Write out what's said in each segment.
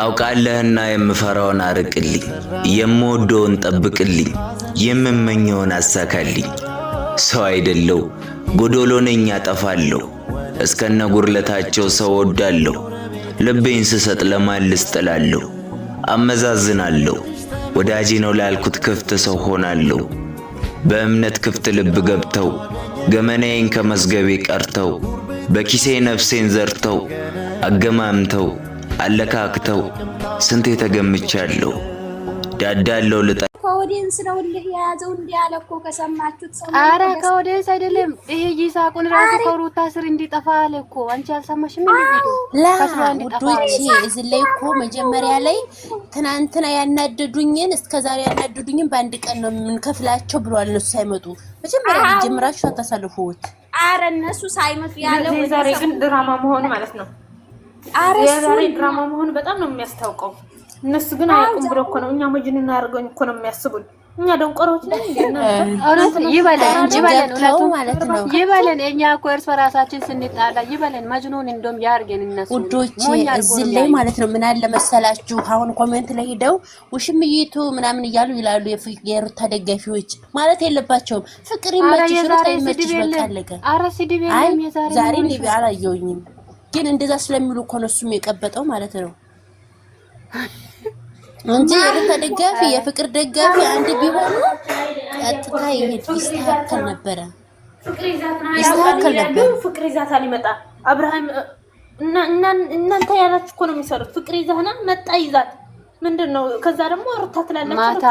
ታውቃለህና የምፈራውን አርቅልኝ፣ የምወደውን ጠብቅልኝ፣ የምመኘውን አሳካልኝ። ሰው አይደለው ጎዶሎ ነኝ አጠፋለሁ፣ እስከነ ጉርለታቸው ሰው ወዳለሁ። ልቤን ስሰጥ ለማልስ ጥላለሁ፣ አመዛዝናለሁ። ወዳጅ ነው ላልኩት ክፍት ሰው ሆናለሁ። በእምነት ክፍት ልብ ገብተው ገመናዬን ከመዝገቤ ቀርተው በኪሴ ነፍሴን ዘርተው አገማምተው አለካክተው ስንቴ ተገምቻለሁ። ዳዳለው ልጣ ከወዲንስ ነው ልህ የያዘው እንዲያለ እኮ ከሰማችሁት ሰው። አረ ከወዲንስ አይደለም ይሄ ይሳቁን ራሱ ከሩታ ስር እንዲጠፋ አለ እኮ። አንቺ አልሰማሽም? ውዶች እዚህ ላይ እኮ መጀመሪያ ላይ ትናንትና ያናደዱኝን እስከዛሬ ያናደዱኝን በአንድ ቀን ነው የምንከፍላቸው ብሏል እነሱ ሳይመጡ መጀመሪያ ጀምራችሁ አታሳልፉት። አረ እነሱ ሳይመጡ ያለው ዛሬ ግን ድራማ መሆን ማለት ነው የዛሬ ድራማ መሆን በጣም ነው የሚያስታውቀው። እነሱ ግን አያውቁም ብሎ እኮ ነው እኛ መጅኑን አያደርገኝ እኮ ነው የሚያስቡን። እኛ ደንቆሮች ነን። ይበለን ማለት ነው ይበለን። እኛ እኮ እርስ በራሳችን ስንጣላ ይበለን። መጅኑን እንደውም ያርገን እነሱ ውዶች። እዚህ ላይ ማለት ነው ምን አለ መሰላችሁ፣ አሁን ኮሜንት ላይ ሄደው ውሽምይቱ ምናምን እያሉ ይላሉ የሩታ ደጋፊዎች። ማለት የለባቸውም ፍቅር ይመችሽ፣ ሩታ ይመችሽ፣ በቃ አለቀ። ዛሬ አላየሁኝም ግን እንደዛ ስለሚሉ እኮ ነው እሱም የቀበጠው ማለት ነው እንጂ የሩታ ደጋፊ የፍቅር ደጋፊ አንድ ቢሆኑ ቀጥታ ይሄድ ይስተካከል ነበረ። ይስተካከል ፍቅር ይዛታል ይመጣ አብርሃም እና እናንተ ያላችሁ እኮ ነው የሚሰሩት። ፍቅር ይዛና መጣ ይዛት ምንድን ነው? ከዛ ደግሞ ሩታ ትላለች። ማታ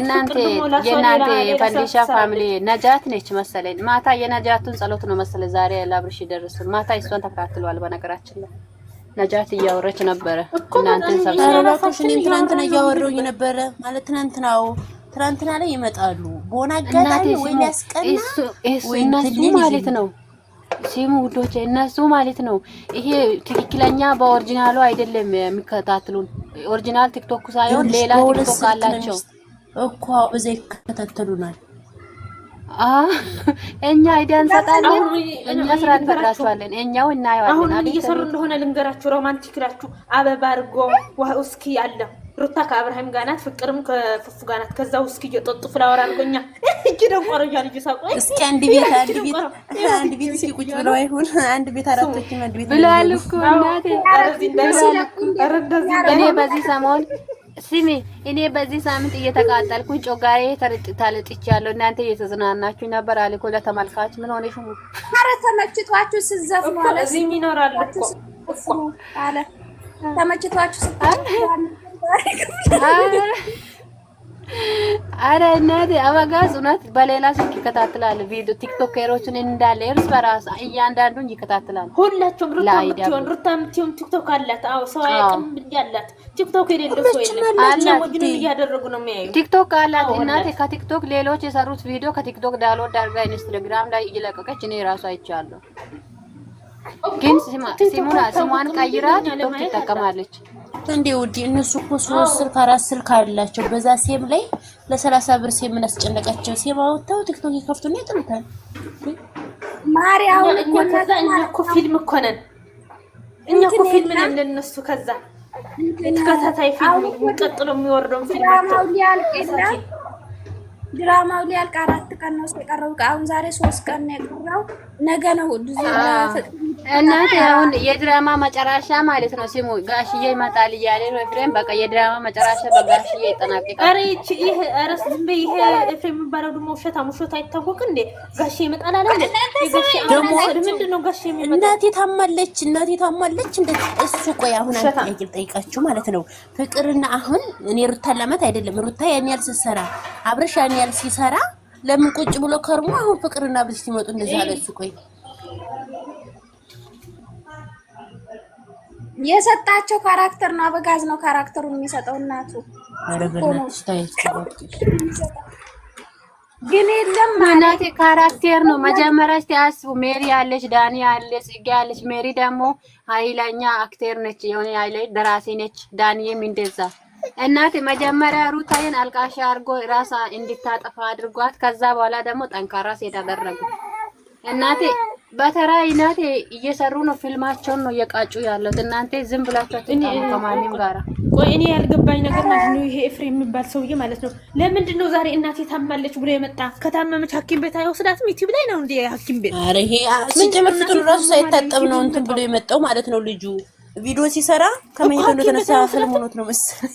እናንተ የእናንተ ፈንዲሻ ፋሚሊ ነጃት ነች መሰለኝ። ማታ የነጃቱን ጸሎት ነው መሰለኝ ዛሬ ላብርሽ ደርሱ። ማታ እሷን ተከታትሏል። በነገራችን ላይ ነጃት እያወረች ነበረ። እናንተን ሰብሰባችሁ እኔም ትናንትና እያወረውኝ ነበረ ማለት ትናንትናው ትናንትና ላይ ይመጣሉ። በሆነ አጋጣሚ ወይ ሊያስቀና ወይ ማለት ነው ሲሙ ውዶች፣ እነሱ ማለት ነው ይሄ ትክክለኛ በኦሪጂናሉ አይደለም የሚከታትሉን። ኦሪጂናል ቲክቶክ ሳይሆን ሌላ ቲክቶክ አላቸው እኮ በዛ ይከታተሉናል። እኛ አይዲያ እንሰጣለን፣ እኛ ስራ እንፈጥራቸዋለን፣ እኛው እናየዋለን። አሁን እየሰሩ እንደሆነ ልንገራችሁ። ሮማንቲክ ላችሁ አበባ አድርጎ ውስኪ አለ ሩታ ከአብርሃም ጋር ናት፣ ፍቅርም ከፉፉ ጋር ናት። ከዛ ውስኪ እየጠጡ ፍላወር አልጎኛ እጅ ደንቆረኛ ልጅ ሳቆ እስኪ አንድ ቤት አንድ ቤት አንድ ቤት እስኪ ቁጭ ብለው አንድ ቤት አራቶች አንድ ቤት እኮ እናቴ። እኔ በዚህ ሰሞን ስሚ፣ እኔ በዚህ ሳምንት እየተቃጠልኩኝ ጮጋሬ እናንተ እየተዝናናችሁ ነበር ለተመልካች ምን ሆነሽ? ተመችቷችሁ እኮ አለ ተመችቷችሁ ስ አረ እናቴ አበጋዝ እውነት በሌላ ስልክ ይከታትላል። ቪዲዮ ቲክቶከሮችን እንዳለ እርስ በራስ እያንዳንዱን ይከታተላል። ሁላችሁም ሩታምትሆን ሩታምትሆን ቲክቶክ አላት። አዎ ሰው አያውቅም እያላት ቲክቶክ የሌለው ሰው የለም። ወግን እያደረጉ ነው የሚያዩ ቲክቶክ አላት እናቴ። ከቲክቶክ ሌሎች የሰሩት ቪዲዮ ከቲክቶክ ዳውንሎድ አድርጋ ኢንስታግራም ላይ እየለቀቀች እኔ ራሱ አይቻለሁ። ግን ስሙን ቀይራ ቲክቶክ ትጠቀማለች። እንዴ ውዲ እነሱ እኮ ሶስት ስልክ አራት ስልክ አላቸው። በዛ ሴም ላይ ለሰላሳ ብር ሴም ምን አስጨነቃቸው? ሴም ቲክቶክ ይከፍቱና ይጥሉታል። ማርያም እኮ ከዛ እኛ እኮ ፊልም እኮ ነን። እኛ እኮ ፊልም ነን ለነሱ። ከዛ ተከታታይ ፊልም ቀጥሎ የሚወርደው ፊልም ድራማው ሊያልቅ አራት ቀን ነው የቀረው። አሁን ዛሬ ሶስት ቀን ነው የቀረው። ነገ ነው ዱዜ እናት አሁን የድራማ መጨረሻ ማለት ነው። ሲሙ ጋሽዬ ይመጣል እያለ ነው ኤፍሬም። በቃ የድራማ መጨረሻ በጋሽዬ ይጠናቀቃል። ኧረ ይህቺ ይሄ ኧረ ዝም ይሄ ኤፍሬም የሚባለው ደግሞ ውሸታ ውሸት አይታወቅ እንዴ ጋሽዬ ይመጣል አለ እንዴ? ደግሞ ምንድን ነው ጋሽዬ የሚመጣ? እናቴ ታማለች፣ እናቴ ታማለች። እንደ እሱ ቆይ አሁን አንተ ጥያቄ ልጠይቃችሁ ማለት ነው። ፍቅርና አሁን እኔ ሩታ ለማት አይደለም ሩታ ያን ያህል ስትሰራ አብረሽ ያን ያህል ሲሰራ ለምን ቁጭ ብሎ ከርሞ አሁን ፍቅርና ብልሽ ሲመጡ እንደዛ አለ እሱ ቆይ የሰጣቸው ካራክተር ነው። አበጋዝ ነው ካራክተሩን የሚሰጠው። እናቱ ግን የለም እናቴ ካራክቴር ነው። መጀመሪያ እስኪ አስቡ። ሜሪ አለች፣ ዳኒ አለ፣ ጽጌ አለች። ሜሪ ደግሞ ኃይለኛ አክተር ነች፣ የሆነ ኃይለኛ ደራሲ ነች። ዳኒም እንደዛ እናቴ መጀመሪያ ሩታዬን አልቃሻ አድርጎ ራሳ እንድታጠፋ አድርጓት፣ ከዛ በኋላ ደግሞ ጠንካራ ሴት አደረጉ። እናቴ በተራ እናቴ እየሰሩ ነው፣ ፊልማቸውን ነው እየቃጩ ያሉት። እናንተ ዝም ብላችሁ ከማንም ጋራ። ቆይ እኔ ያልገባኝ ነገር ማለት ነው ይሄ ኤፍሬም የሚባል ሰውዬ ማለት ነው ለምንድን ነው ዛሬ እናቴ ታማለች ብሎ የመጣ? ከታመመች ሐኪም ቤት አይወስዳትም? ዩቲዩብ ላይ ነው እንደ ሐኪም ቤት። አረ ይሄ ሲጀምር ፍጡር ራሱ ሳይታጠብ ነው እንትን ብሎ የመጣው ማለት ነው ልጁ ቪዲዮ ሲሰራ ከመሄዱ ነው ተነሳ ሆኖት ነው መሰለኝ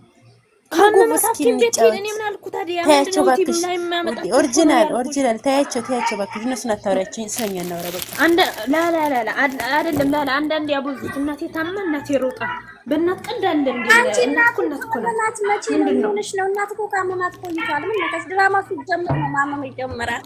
ኦሪጂናል ኦሪጂናል ታያቸው ታያቸው። በቃ እነሱን አታወሪያቸው። ስለኛ እናውራ አይደለም ላላ አንዳንድ ያቦዙት እናቴ ታማ እናቴ ሮጣ በእናት ቀንድ አለ አንቺ እናት እናት መቼ ነው የሚሆንሽ ነው? እናት እኮ ካመማት ቆይቷል። ምን ነካሽ? ድራማ ሲጀመር ነው ማመም ይጀምራል።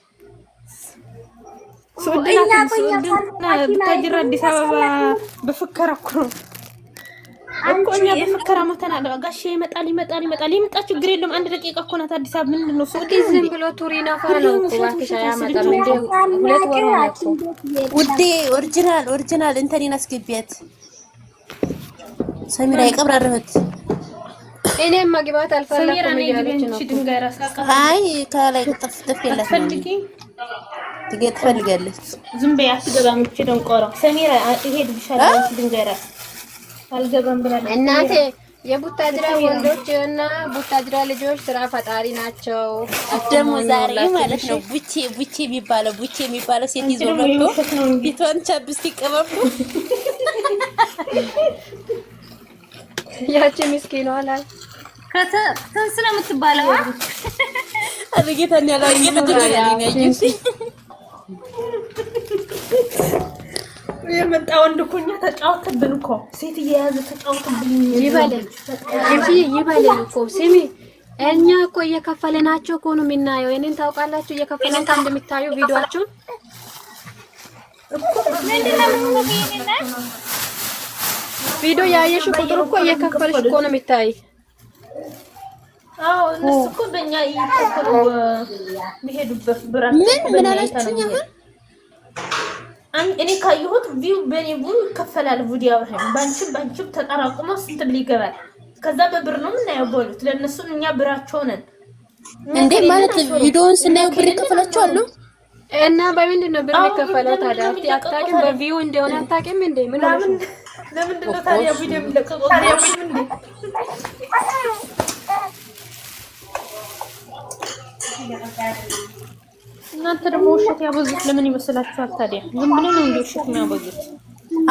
ሱድናታጅር አዲስ አበባ በፍከራ እኮ ነው እኮ እኛ በፍከራ መተናል። ጋሼ ይመጣል ይመጣል ይመጣል ይምጣ፣ ችግር የለም። አንድ ደቂቃ እኮ ናት አዲስ አበባ። ምንድን ነው ሱድ ዝም ብሎ ቱሪ ነፈር ነው። ውዴ ኦሪጂናል ኦሪጂናል እንተኔን አስገቢያት ሰሚራ የቀብራረበት እኔም መግባት አልፈለኩም እያለች ነው። አይ ከላይ ጥፍ ጥፍ የላት ትፈልጋለች። ዝም በይ አትገባም። እቺ ደንቆሮ ሰሚራ እሄድብሻለሁ ልንገራት አልገባም ብላለች እናቴ። የቡታጅራ ወንዶች እና ቡታጅራ ልጆች ስራ ፈጣሪ ናቸው። ደግሞ ዛሬ ማለት ነው ቡቼ ቡቼ የሚባለው ቡቼ የሚባለው ሴት ይዞ መጥቶ ፊቷን ቻብስቲ ቀበቡ ያቺ ምስኪን ሆናል ከተ ስለምትባለው አረጋታኛ ላይ ይመጥራል ያኛኝ የመጣ ወንድ እኮ እኛ ተጫወተብን እኮ ሴት እየያዘ ተጫወተብን። ይበለን ይበለን እኮ ስሚ፣ እኛ እኮ እየከፈለናቸው እኮ ነው የምናየው። እኔን ታውቃላችሁ፣ እየከፈለናቸው እንደሚታዩ ቪዲዮአችሁን ቪዲዮ ያየሽ ቁጥር እኮ እየከፈልሽ እኮ ነው የሚታይ። አዎ እነሱ እኮ በእኛ ይሄዱበት ብራቸው እኔ ካየሁት ቪው በእኔ ቪው ይከፈላል። ቪዲዮ አብርሃም ባንቺም ባንቺም ተጠራቁሞ ስንት ብር ይገባል? ከዛ በብር ነው የምናየው በሉት። ለእነሱ እኛ ብራቸው ነን እንዴ ማለት ቪዲዮውን ስናየው ብር ይከፈላቸዋል እና በምንድን ነው ብር የሚከፈለው ታዲያ? አታውቂም? በቪው እንደሆነ አታውቂም እንዴ? ምን ለምንድን ነው ታዲያ ቪዲዮ የሚለቀቀው እናንተ ደግሞ ውሸት ያበዙት ለምን ይመስላችኋል ታዲያ? ዝም ብሎ ነው እንደ ውሸት የሚያበዙት።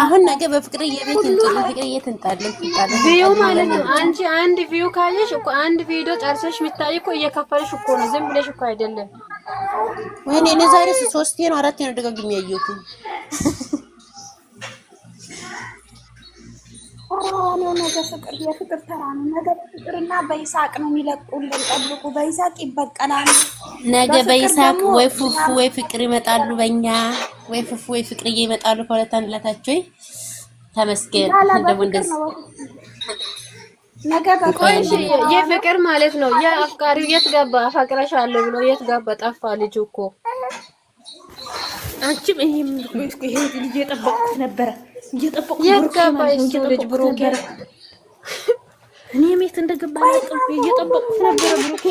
አሁን ነገ በፍቅር ቤት እንጥል፣ ፍቅርዬ ትንጣለን፣ ትንጣለን ቪዩ ማለት ነው። አንቺ አንድ ቪዩ ካለሽ እኮ አንድ ቪዲዮ ጨርሰሽ የሚታይ እኮ እየከፈለሽ እኮ ነው። ዝም ብለሽ እኮ አይደለም። ወይኔ እኔ ዛሬ ሶስቴ ነው አራቴ ነው ደጋግሜ ያየሁት። ነው ነገ ፍቅር የፍቅር ተራ ነው። ነገ በፍቅርና በይሳቅ ነው የሚለቁልን። ጠብቁ። በይሳቅ ይበቀላል። ነገ በይሳቅ ወይ ፉፉ ወይ ፍቅር ይመጣሉ። በእኛ ወይ ፉፉ ወይ ፍቅር ይመጣሉ። ከሁለት አንድ ላታችሁ ተመስገን። ደግሞ እንደዚህ ነገ በቆይሽ የፍቅር ማለት ነው። የአፍቃሪው የት ገባ? አፈቅረሻለሁ ብሎ የት ገባ? ጠፋ ልጁ እኮ አንቺም ይሄም ልጅ እየጠበቁት ነበረ እኔም እንደገባ እየጠበቁት ነበረ። ብሩኬ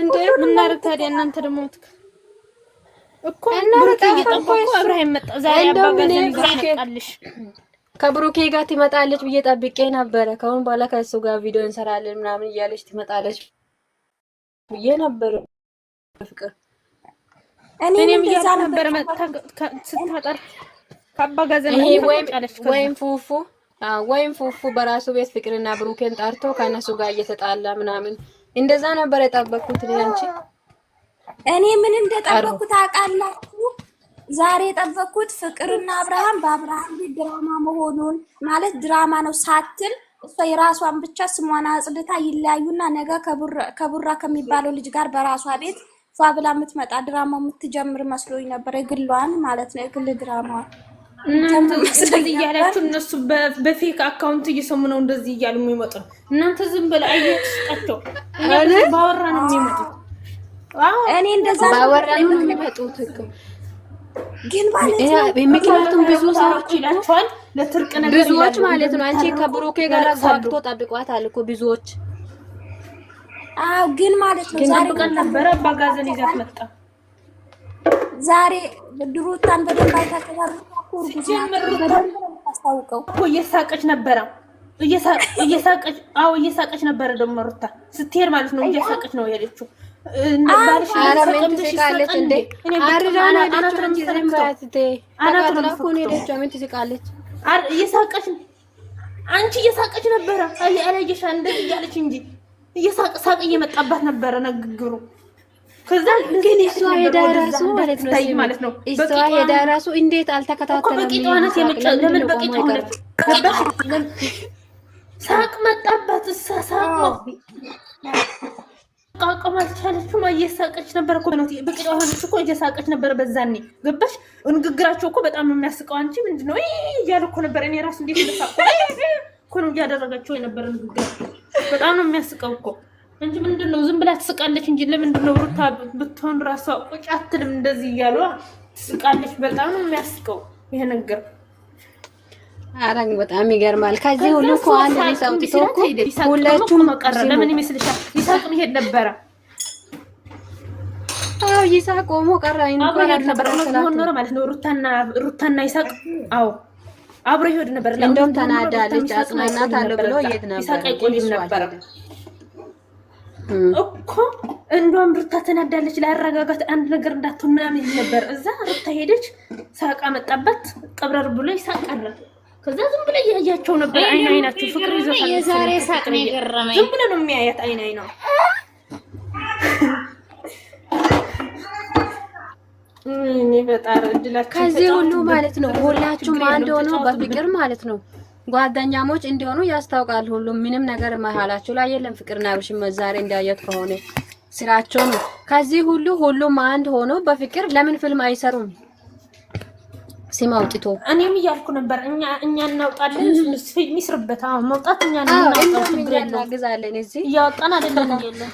እንደ ታዲያ እናንተ ደግሞ እኮ ከብሩኬ ጋር ትመጣለች ብዬ ጠብቄ ነበረ። ከአሁን በኋላ ከእሱ ጋር ቪዲዮ እንሰራለን ምናምን እያለች ትመጣለች ብዬ ነበረ ፍቅር እኔም እዛ ነበር ስታጠር ከአባ ጋዘን ወይም ፉፉ ወይም ፉፉ በራሱ ቤት ፍቅርና ብሩኬን ጠርቶ ከእነሱ ጋር እየተጣላ ምናምን እንደዛ ነበር የጠበኩት። አንቺ እኔ ምን እንደጠበኩት አውቃላችሁ? ዛሬ የጠበኩት ፍቅርና አብርሃም በአብርሃም ቤት ድራማ መሆኑን ማለት ድራማ ነው ሳትል እሷ የራሷን ብቻ ስሟን አጽድታ ይለያዩና ነገ ከቡራ ከሚባለው ልጅ ጋር በራሷ ቤት ፏብላ የምትመጣ ድራማ የምትጀምር መስሎኝ ነበር። የግሏን ማለት ነው፣ የግል ድራማዋን እንደዚህ እያላችሁ እነሱ በፌክ አካውንት እየሰሙ ነው እንደዚህ እያሉ የሚመጡ ነው። እናንተ ዝም በላ አያቸው ባወራ ነው የሚመጡት። እኔ እንደዛ ባወራ ነው የሚመጡት ግን ማለት ምክንያቱም ብዙ ሰዎች ይላቸዋል ለትርቅ ነገር ብዙዎች ማለት ነው። አንቺ ከብሩኬ ጋር ጓብቶ ጠብቋት አልኮ ብዙዎች አዎ ግን ማለት ነው ዛሬ ቀን ነበረ አባጋዘን ይዛት መጣ። ዛሬ ድሩታን በደንብ አይታከታሩ ታስታውቀው እኮ እየሳቀች ነበረ እየሳቀች አዎ እየሳቀች ነበረ። ደግሞ ሩታ ስትሄድ ማለት ነው እየሳቀች ነው ያለችው። አንቺ እየሳቀች ነበረ አለየሻ እንደዚህ እያለች እንጂ እየሳቅ ሳቅ እየመጣባት ነበረ ንግግሩ። ከዛ ግን እሷ ሄዳ ራሱ ማለት ነው ሄዳ ራሱ እንዴት አልተከታተለም? በቂጧነት የመጫ oh ሳቅ መጣባት። እሳ ሳቅ oh. አልቻለችም። እየሳቀች ነበር እኮ ነው በቂጧ ሆነች እኮ እየሳቀች ነበር። በዛኔ ገባሽ? ንግግራቸው እኮ በጣም የሚያስቀው አንቺ ምንድነው እያሉ እኮ ነበር። እኔ ራሱ እንዴት እንደሳቅ እኮ ነው እያደረገችው የነበረ ንግግር። በጣም ነው የሚያስቀው እኮ እንጂ ምንድን ነው ዝም ብላ ትስቃለች እንጂ ለምንድን ነው ሩታ ብትሆን ራሷ ቁጭ አትልም እንደዚህ እያሉ ትስቃለች። በጣም ነው የሚያስቀው ይሄ ነገር። አረኝ በጣም ይገርማል። ከዚህ ሁሉ እኮ አንድ ሊሳም ቲቶክ ሁለቱም ቀረ። ለምን ይመስልሻል? ይሳቅ ይሄድ ነበረ። አዎ ይሳቅ ቆሞ ቀረ። አይኑ ቀረ ነበር ማለት ነው ሩታና ሩታና ይሳቅ አዎ አብሮ ይሄድ ነበር። እንደውም ተናዳለች። አጽናናት አለው ብሎ የት ነበር ነበር እኮ እንደውም ሩታ ተናዳለች። ላረጋጋት አንድ ነገር እንዳትሆን ምናምን ነበር። እዛ ሩታ ሄደች፣ ሳቃ መጣበት ቀብረር ብሎ ይሳቀረ። ከዛ ዝም ብለ እያያቸው ነበር። አይን አይናቸው ፍቅር ይዞታል። የዛሬ ሳቅ ነው የገረመኝ። ዝም ብለ ነው የሚያያት አይን አይኗ ከዚህ ሁሉ ማለት ነው ሁላችሁም አንድ ሆኖ በፍቅር ማለት ነው ጓደኛሞች እንዲሆኑ ያስታውቃል። ሁሉም ምንም ነገር መሀላችሁ ላይ የለም። ፍቅርና አብርሽም ዛሬ እንዳየት ከሆነ ስራቸው ነው። ከዚህ ሁሉ ሁሉም አንድ ሆኖ በፍቅር ለምን ፊልም አይሰሩም? ሲም አውጥቶ እኔም እያልኩ ነበር። እኛ እኛ እናውጣለን ፊልም ይስርበት። አዎ መውጣት እኛ እናውጣለን፣ እዚህ እያወጣን አይደለም ያለን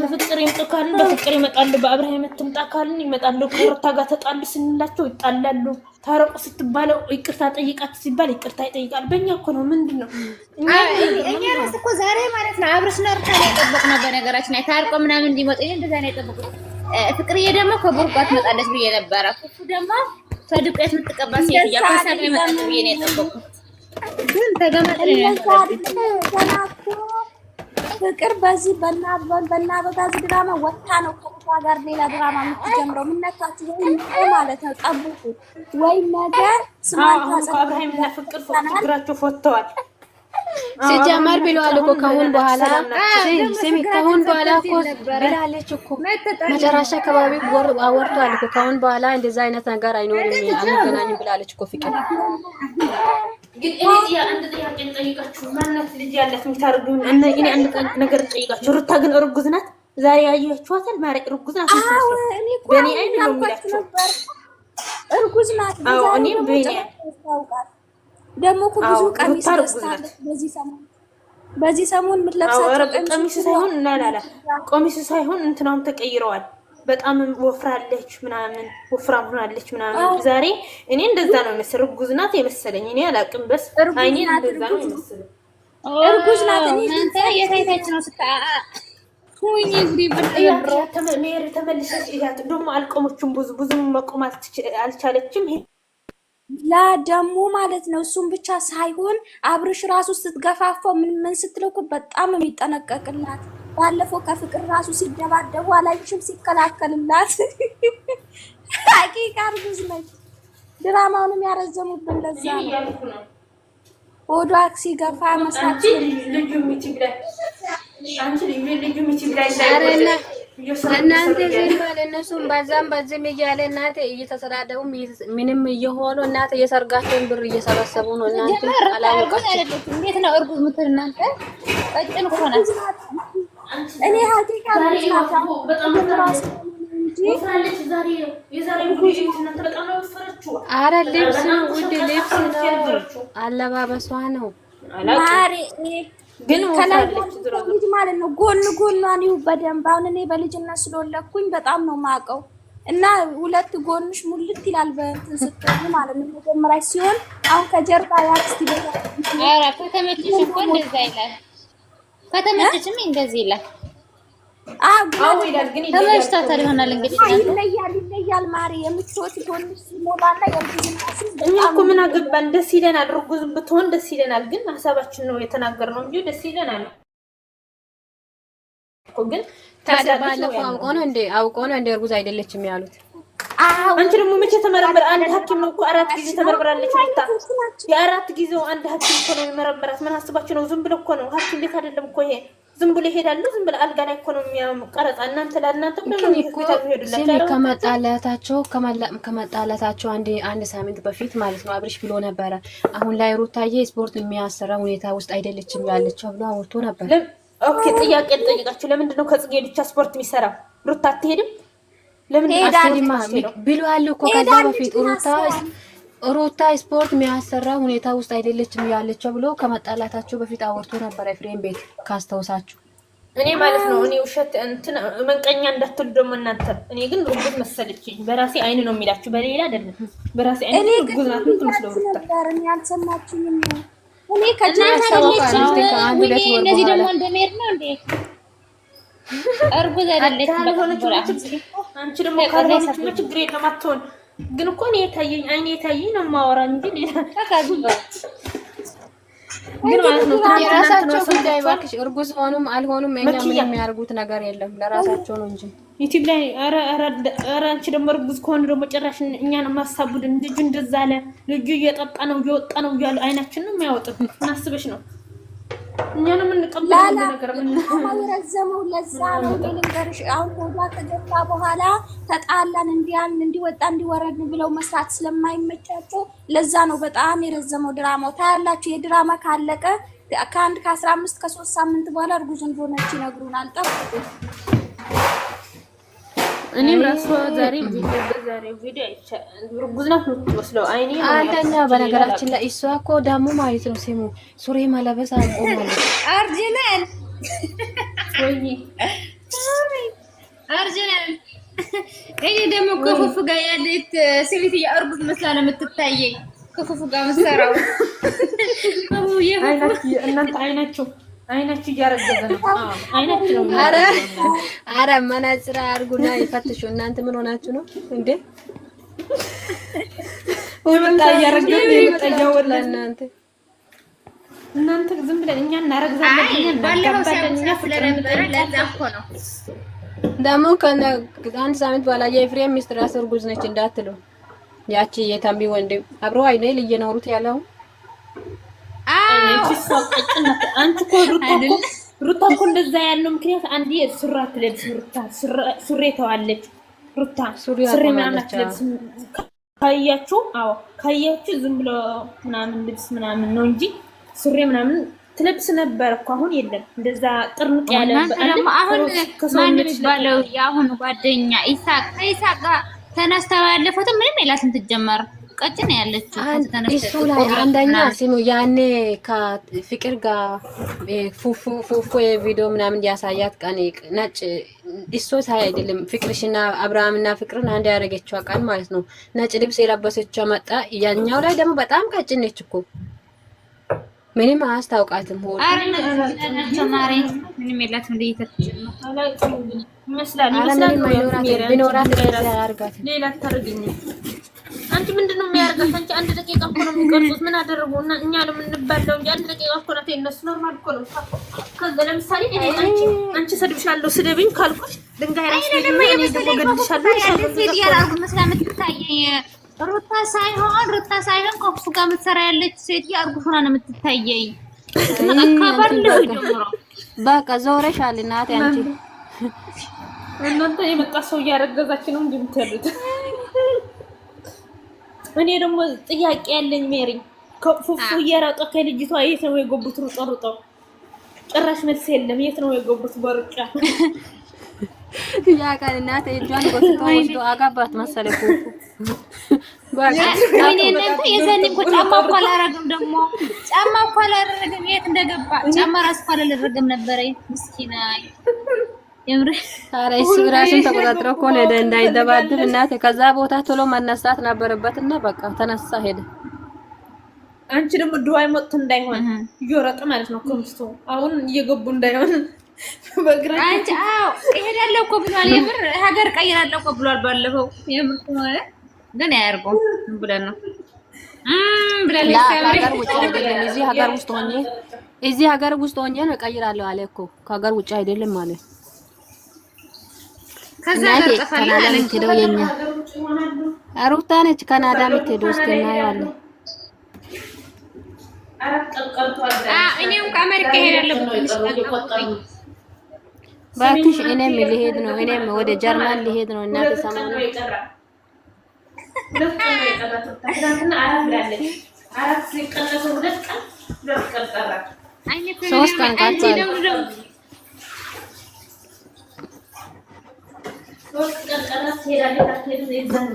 በፍቅር ይምጡ ካልን በፍቅር ይመጣሉ። በአብርሃም ትምጣ ካልን ይመጣሉ። ከሩታ ጋር ተጣሉ ስንላቸው ይጣላሉ። ታረቁ ስትባለው ይቅርታ ጠይቃት ሲባል ይቅርታ ይጠይቃል። በእኛ እኮ ነው። ምንድን ነው እኛ ራስ እኮ ዛሬ ማለት ነው አብርሽና ሩታ ነው የጠበቅነው። በነገራችን ታርቆ ምናምን እንዲመጡ እንደዛ ነው የጠበቁት። ፍቅርዬ ደግሞ ከቡርጓ ትመጣለች ብዬ ነበረ። ኩኩ ደግሞ ከዱቄት የምትቀባ ሴት እያሳ ይመጣ ብዬ ነው የጠበቁት፣ ግን ተገመጥ ነው ፍቅር በዚህ በናበጋዝ ድራማ ወታ ነው ከቁቷ ጋር ሌላ ድራማ የምትጀምረው። የምነካችሁ ወይም ማለት ነው ጠብቁ፣ ወይም ነገር ችግራችሁ ፈተዋል። ሲጀመር ብለዋል እኮ ከሁን በኋላ ስሚ፣ ከሁን በኋላ እኮ ብላለች እኮ መጨረሻ አካባቢ አወርቷል እኮ ከሁን በኋላ እንደዛ አይነት ነገር አይኖርም አንገናኝም ብላለች እኮ ፍቅር ግን ነገር እንጠይቃችሁ። ሩታ ግን እርጉዝ ናት። ዛሬ ያያችኋታል። ማሪ እርጉዝ ናት። አዎ አይን ነው የሚላችሁ። እርጉዝ ናት። አዎ እኔ በኔ ደግሞ እኮ ብዙ ቀሚስ ደስታለች በዚህ ሰሞን በዚህ ሰሞን የምትለብሳቸው ቀሚስ ሳይሆን እና ቀሚስ ሳይሆን እንትናውም ተቀይረዋል። በጣም ወፍራለች ምናምን ወፍራም ሆናለች ምናምን። ዛሬ እኔ እንደዛ ነው የመሰለኝ። እርጉዝ ናት የመሰለኝ እኔ አላውቅም። በስ አይኔ እንደዛ ነው የመሰለኝ። እርጉዝ ናት እናንተ የታይታች ነው ስታ ሁኝ እንግዲ ብትይብሮ ተመሜሪ ተመልሰሽ እያት። ደሞ አልቆመችም። ብዙ ብዙ መቆም አልቻለችም። ላ ደግሞ ማለት ነው እሱም ብቻ ሳይሆን አብርሽ ራሱ ስትገፋፋው ምን ምን ስትልኩ በጣም የሚጠነቀቅላት ባለፈው ከፍቅር ራሱ ሲደባደቡ አላየሽም? ሲከላከልላት ሀቂቃ እርጉዝ ነች። ድራማውንም ያረዘሙብን ለዛ ነው። ወዷ ሲገፋ መስራት እናንተ ዝም በል እነሱም በዛም በዚህም እያለ እናተ እየተሰዳደቡ ምንም እየሆኑ እናተ እየሰርጋቸውን ብር እየሰበሰቡ ነው። እናንተ እንዴት ነው እርጉዝ ምትል እናንተ ቀጭን ከሆነ እኔ ሀቂቃ አረ ልብስ ነው ውድ ልብስ ነው፣ አለባበሷ ነው ግን ከላልጅ ማለት ነው። ጎን ጎኗን ይሁ በደንብ አሁን እኔ በልጅነት ስለወለኩኝ በጣም ነው ማቀው እና ሁለት ጎንሽ ሙልት ይላል በእንትን ስትሆኑ ማለት ነው። መጀመሪያ ሲሆን አሁን ከጀርባ ያክስቲ በ ከተመችሽ እኮ እንደዛ ይላል ከተመቸችም እንደዚህ ይላል። ተመችቷታል ይሆናል እንግዲህ። ይለያል ይለያል። ማሪ የምትወት ጎንሽ ሞባና እኮ ምን አገባን? ደስ ይለናል። ርጉዝም ብትሆን ደስ ይለናል። ግን ሀሳባችን ነው የተናገርነው እንጂ ደስ ይለናል እኮ ግን ታዲያ ባለፈው አውቆ ነው እንደ አውቆ ነው እንደ እርጉዝ አይደለችም ያሉት አንቺ ደግሞ መቼ ተመረመረ? አንድ ሐኪም ነው እኮ አራት ጊዜ ተመርምራለች። ልታ የአራት ጊዜው አንድ ሐኪም እኮ ነው የመረመራት። ምን አስባችሁ ነው? ዝም ብለ እኮ ነው ሐኪም ቤት አይደለም እኮ ይሄ ዝም ብሎ ይሄዳሉ። ዝም ብለ አልጋ ላይ እኮ ነው የሚያቀረጻ። እናንተ ለእናንተ ከመጣላታቸው ከመጣላታቸው አንድ አንድ ሳምንት በፊት ማለት ነው አብርሽ ብሎ ነበረ። አሁን ላይ ሩታዬ ስፖርት የሚያሰራ ሁኔታ ውስጥ አይደለችም ያለችው ብሎ አውርቶ ነበር። ኦኬ ጥያቄ ልጠይቃችሁ። ለምንድን ነው ከጽጌ ብቻ ስፖርት የሚሰራ? ሩታ አትሄድም ለምን ብለዋል እኮ ከዛ በፊት ሩታ ሩታ ስፖርት የሚያሰራ ሁኔታ ውስጥ አይደለችም ያለችው ብሎ ከመጣላታቸው በፊት አወርቶ ነበረ። ኤፍሬም ቤት ካስታውሳችሁ እኔ ማለት ነው እኔ ውሸት እንትን መንቀኛ እንዳትሉ ደግሞ እናንተ። እኔ ግን ርጉዝ መሰለችኝ። በራሴ አይን ነው የሚላችሁ፣ በሌላ አይደለም። በራሴ አይን ርጉዝ ናት የምትመስለው ሩታ። እኔ ከእናንተ አይደለችም። እነዚህ ደግሞ እንደሚሄድ ነው እንዴ እርጉዝ አይደለችም። ችግር የለም አትሆን። ግን እኮ እኔ የታየኝ አይኔ የታየኝ ነው የማወራ እንጂ የራሳቸው ጉዳይ እባክሽ። እርጉዝ ሆኑም አልሆኑም እኛ ምን የሚያደርጉት ነገር የለም ለራሳቸው ነው እንጂ ላይ ኧረ አንቺ ደግሞ እርጉዝ ከሆኑ ደግሞ ጭራሽ እኛን የማሳቡድን ልጁ እንደዛ አለ ልጁ እየጠጣ ነው እየወጣ ነው እያሉ ነው እኛንም የረዘመው ለዛ ነው። ልንገርሽ አሁን ሆዷ ከገባ በኋላ ተጣላን፣ እንዲያን እንዲወጣ እንዲወረድን ብለው መስራት ስለማይመቻቸው ለዛ ነው በጣም የረዘመው ድራማው። ታያላችሁ። የድራማ ካለቀ ከአንድ ከአስራ አምስት ከሶስት ሳምንት በኋላ እርጉዝ እንደሆነች ይነግሩናል። ጠብቁ። እኔም በነገራችን ላይ እሷ እኮ ደግሞ ማለት ነው ስሙ ሱሪ መለበስ አቆማለች። አርጅናል አርጅናል። እኔ ደግሞ ከፉፉ ጋር ያለች ሴት እርጉዝ መስላ ነው የምትታየኝ። ከፉፉ ጋር መሰራው እናንተ አይናቸው አይነች እያረገዘ ነው። አይናችሁ አረ አረ መነጽር አድርጉና ይፈትሹ። እናንተ ምን ሆናችሁ ነው እንዴ? ወላ እያረገዘ ነው ወላ እናንተ እናንተ ዝም ብለን እኛ እናረግዛለን። እኛ ባለፈው ሰው ስለነበረ ለዛ እኮ ነው። ደግሞ ከአንድ ሳምንት በኋላ የኤፍሬም ሚስት ራስ ነች እንዳትሉ ያቺ የታምቢ ወንድም አብረው አይኔ ልየኖሩት ያለው ሩታ እኮ እንደዛ ያለው ምክንያት አንዴ ሱሪ አትለብስም። ሩታ ሱሪ ተዋለች። ሩታ ሱሪ ምናምን አትለብስም ካያችሁ፣ አዎ ካያችሁ፣ ዝም ብሎ ምናምን ልብስ ምናምን ነው እንጂ ሱሪ ምናምን ትለብስ ነበር እኮ። አሁን የለም እንደዛ ጥርንቅ ያለ አሁን ማን የሚባለው የአሁኑ ጓደኛ ኢሳቅ ከኢሳቅ ጋር ተነስተው ያለፉት ምንም የላትም ትጀመር ቀጭን ያለችው አንደኛ ስሙ ያኔ ከፍቅር ጋር ፉፉ ቪዲዮ ምናምን ያሳያት ቀን ነጭ እሱ ሳይ አይደለም ፍቅርሽና አብርሃምና ፍቅርን አንድ ያደረገችው ቀን ማለት ነው። ነጭ ልብስ የለበሰችው መጣ። ያኛው ላይ ደግሞ በጣም ቀጭን ነች እኮ ምንም አያስታውቃትም። ሆ ምንም የላትም ቢኖራት ያርጋት ሌላ ታርግኝ አንቺ ምንድን ነው የሚያደርጋት? አንቺ አንድ ደቂቃ እኮ ነው የሚቀርጹት። ምን አደረጉ? እና እኛ ነው የምንባለው እንጂ አንድ ደቂቃ እኮ ናት። እነሱ ኖርማል እኮ ነው። ከዛ ለምሳሌ እኔ አንቺ አንቺ ሰድብሻለሁ ስደብኝ ካልኩሽ ድንጋይ ራስ ነው የምትገድልሻለሁ ሩታ ሳይሆን ሩታ ሳይሆን ከሱ ጋር የምትሰራ ያለች ሴት አርጉሽ ሆና ነው የምትታየኝ። በቃ ዞረሽ አልናት አንቺ እናንተ የመጣ ሰው እያረገዛች ነው እንጂ እኔ ደግሞ ጥያቄ ያለኝ ሜሪ ፉፉ እየሮጠ ከልጅቷ የት ነው የገቡት? ሩጦ ሩጦ ጭራሽ መልስ የለም። የት ነው የገቡት? በሩጫ ያ ቀን እናቴ እጇን ጎትቶ ወስዶ አጋባት መሰለኝ እናንተ የዘኔ እኮ ጫማ እኮ አላረግም፣ ደግሞ ጫማ እኮ አላደረግም። የት እንደገባ ጫማ ራሱ እኮ አላደረግም ነበረ ምስኪና እሱ ራሱን ተቆጣጥሮ እኮ ነው ሄደ፣ እንዳይደባድብ እናቴ። ከዛ ቦታ ቶሎ መነሳት ነበረበት እና በቃ ተነሳ ሄደ። አንቺ ደግሞ ድዋይ መጥቶ እንዳይሆን እየወረቀ ማለት ነው ከምስቶ አሁን እየገቡ እንዳይሆን አንቺ እሄዳለሁ እኮ ብሏል። የምር ሀገር ቀይራለሁ እኮ ብሏል ባለፈው። የምር ግን ብለን ነው እዚህ ሀገር ውስጥ ሆኜ ነው እቀይራለሁ አለ እኮ ከሀገር ውጭ አይደለም ማለት ካናዳ የምትሄደው የኛ ሩታ ነች። ካናዳ የምትሄደው እስኪ እናየዋለን። እባክሽ እኔም ሊሄድ ነው፣ እኔም ወደ ጀርመን ሊሄድ ነው። እናቴ ሰማን ሶስት ቀን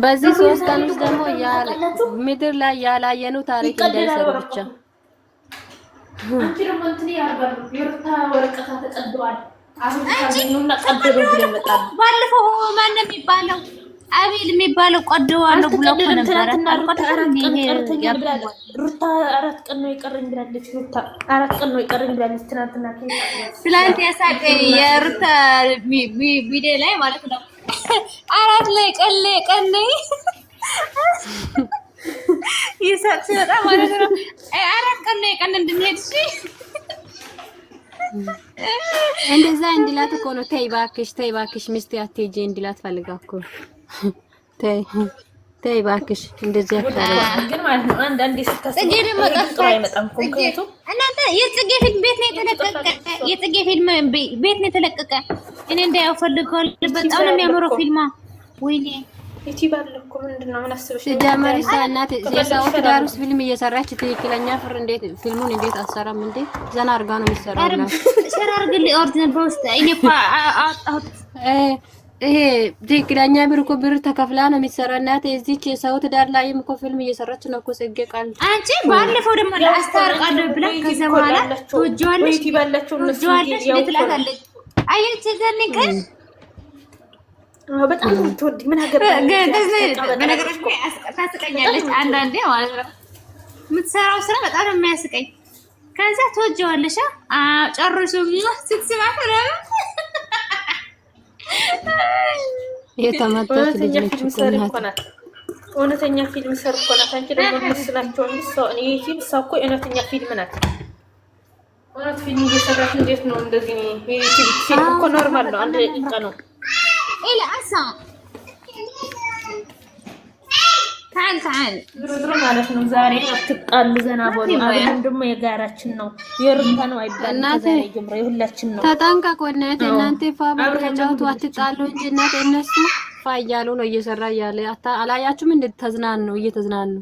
በዚህ ሶስት ቀን ውስጥ ደግሞ ምድር ላይ ያላየኑ ታሪክ እንዳይሰሩ ብቻ። ባለፈው ማነው የሚባለው አቤል የሚባለው ቀደዋለሁ ብሎ እኮ ነበረ። ሩታ አራት ቀን ነው የቀረኝ ብላለች። ሩታ አራት ቀን ነው ብላለች። ትናንትና የሩታ ቪዲዮ ላይ ማለት ነው አራት ላይ ቀለ ቀለ ይሳቅ ሲወጣ ማለት ነው። አራት ቀን ላይ ቀን እንድንሄድ እሺ። እንደዛ እንድላት እኮ ነው። ተይ እባክሽ፣ ተይ እባክሽ፣ ሚስቴ አትሄጂ እንድላት ፈልጋ እኮ ተይ ተይ እባክሽ እንደዚህ እናንተ የጽጌ ፊልም ቤት ነው የተለቀቀ። የጽጌ ፊልም ቤት ነው የተለቀቀ። እኔ እንዳያው ፈልገዋል። በጣም ነው የሚያምረው ፊልማ። ወይኔ ዩቲዩብ አለ እኮ ምንድን ፊልም እየሰራች ትክክለኛ ፍር እንዴት ፊልሙን እንዴት አሰራም እንዴ? ዘና አድርጋ ነው የሚሰራው። ሸራ አድርግልኝ ኦርዲናል በውስጥ እኔ እኮ አወጣሁት ይሄ ትክክለኛ ብር እኮ ብር ተከፍላ ነው የሚሰራ። እናቴ እዚች የሰው ትዳር ላይም እኮ ፊልም እየሰራች ነው እኮ ጽጌ ቃል አንቺ ባለፈው ደግሞ ላስታርቃለሁ ብላ ከዛ በኋላ ትወጂዋለሽ ትወጂዋለሽ ትላታለች። አየች ዘን ቀን በጣም ትወድ ምን በነገሮች ታስቀኛለች አንዳንዴ ማለት ነው። የምትሰራው ስራ በጣም የሚያስቀኝ ከዛ ትወጂዋለሽ ጨርሱ ስትስማት ነው የተመታት ልጅ ናት። እውነተኛ ፊልም ሰር እኮ ናት። አንቺ ደግሞ ምስላቸው ፊልም ሰው እኮ እውነተኛ ፊልም ናት። እውነት ፊልም እየሰራች እንዴት ነው እንደዚህ? ፊልም እኮ ኖርማል ነው። አንድ ደቂቃ ነው። ተዓል ተዓል ድሮድሮ ማለት ነው። ዛሬ አትጣሉ፣ ዘና በሉ። አብረን ደግሞ የጋራችን ነው የሩታ ነው አይባልም። ዛሬ የሁላችን ነው። ተጠንቀቁ እናት እናንተ ፋብሪካ ተጫውቱ፣ አትጣሉ እንጂ እናት እነሱ ፋ እያሉ ነው እየሰራ እያለ አላያችሁም? እንደ ተዝናኑ ነው እየተዝናኑ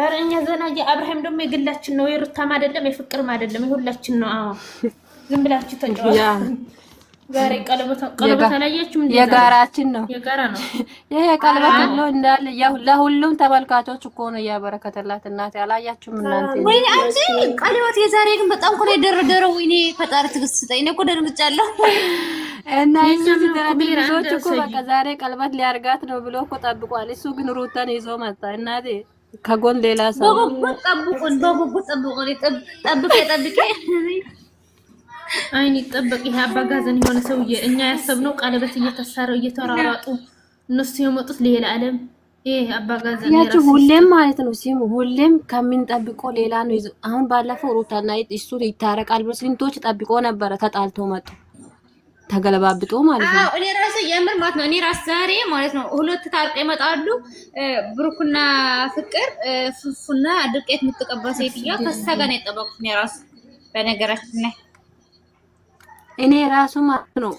ኧረ እኛ ዘና አብርሃም ደግሞ የግላችን ነው። የሩታም አይደለም የፍቅርም አይደለም የሁላችን ነው። አዎ ዝም ብላችሁ ተጫወቱ። የጋራችን ነው ይሄ ቀለበት ነው እንዳለ ለሁሉም ተመልካቾች እኮ ነው እያበረከተላት። እናቴ አላያችሁም? እናንተ ወይ አንቺ ቀለበት የዛሬ ግን በጣም እኮ ነው ወይኔ ፈጣሪ ትግስት ስጠኝ። እኔ እኮ ደንግጫለሁ። እና እሱ እኮ በቃ ዛሬ ቀለበት ሊያርጋት ነው ብሎ እኮ ጠብቋል። እሱ ግን ሩታን ይዞ መጣ። እናቴ ከጎን ሌላ ሰው ጠብቁን፣ በጉጉት ጠብቁን። ጠብቄ ጠብቄ አይን ይጠበቅ። ይሄ አባጋዘን የሆነ ሰውዬ እኛ ያሰብነው ቀለበት እየተሰረው እየተራራጡ እነሱ የመጡት ሌላ አለም ይሄ አባጋዘን ያቺ ሁሌም ማለት ነው ሲሙ ሁሌም ከምንጠብቀው ሌላ ነው ይዞ አሁን ባለፈው ሩታና እሱ ይታረቃል ብሎ ስንቶች ጠብቆ ነበረ። ተጣልቶ መጡ ተገለባብጦ ማለት ነው። እኔ ራሴ የምር ማለት ነው እኔ ራሴ ዛሬ ማለት ነው ሁለት ታርቀ ይመጣሉ። ብሩክና ፍቅር ፉፉና ድርቀት የምትቀባ ሴትዮዋ ከእሷ ጋር ነው የጠበቁት። እኔ ራሱ በነገራችን ላይ እኔ ራሱ ማለት ነው